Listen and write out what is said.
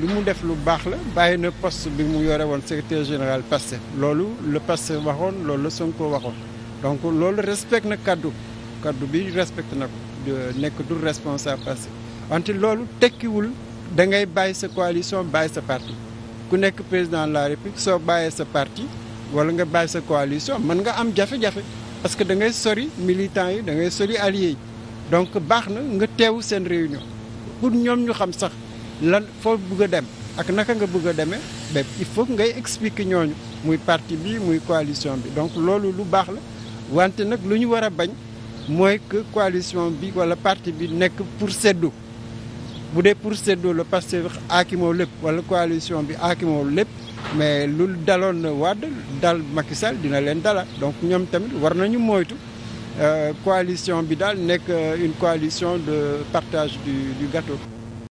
li mu def lu baax la bàyyi na poste bi mu yore woon secrétaire général Pastef loolu la Pastef waxoon loolu la Sonko waxoon donc loolu respecte na kaddu kaddu bi respecte na ko nekk du responsable Pastef wante loolu tekkiwul da ngay bàyyi sa coalition bàyyi sa parti ku nekk président de la république soo bàyyee sa parti wala nga bàyyi sa coalition man nga am jafe-jafe parce que da ngay sori militants yi da ngay sori alliés yi donc baax na nga teewu seen réunion ñoom ñu xam sax lan foo bugg a dem ak naka nga bëgg a demee ba il faut ngay expliquer ñooñu muy parti bi muy coalition bi donc loolu lu baax la wante nag lu ñu war a bañ mooy que coalition bi wala parti bi nekk pour seddu bu dee pour seddu la parce que aakimoo lépp wala coalition bi aakimoo lépp mais lu daloon Wade dal Macky Sall dina leen dala donc ñoom tamit war nañu moytu euh, coalition bi daal nekk euh, une coalition de partage du du gâteau